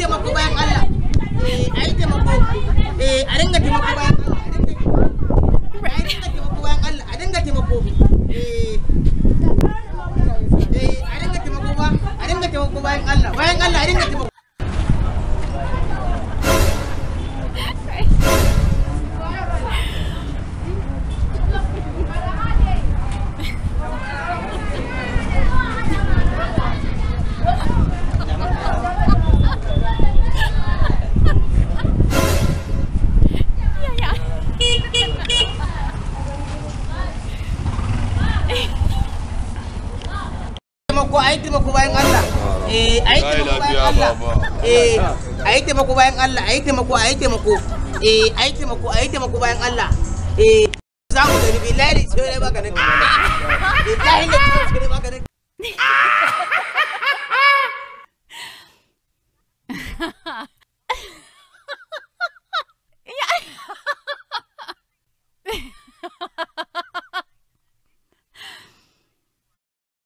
taimako bayan Allah eh, a yi taimako eh, a dinga taimako bayan Allah a dinga taimako bayan Allah a dinga taimako eh, a dinga taimako bayan Allah bayan Allah a dinga taimako ko ayi tima ko bayan Allah eh ayi tima ko bayan Allah eh ayi tima ko bayan Allah ayi tima ko ayi tima ko eh ayi tima ko ayi tima ko bayan Allah eh za mu gani billahi sai baka ne ah! billahi ne sai baka ne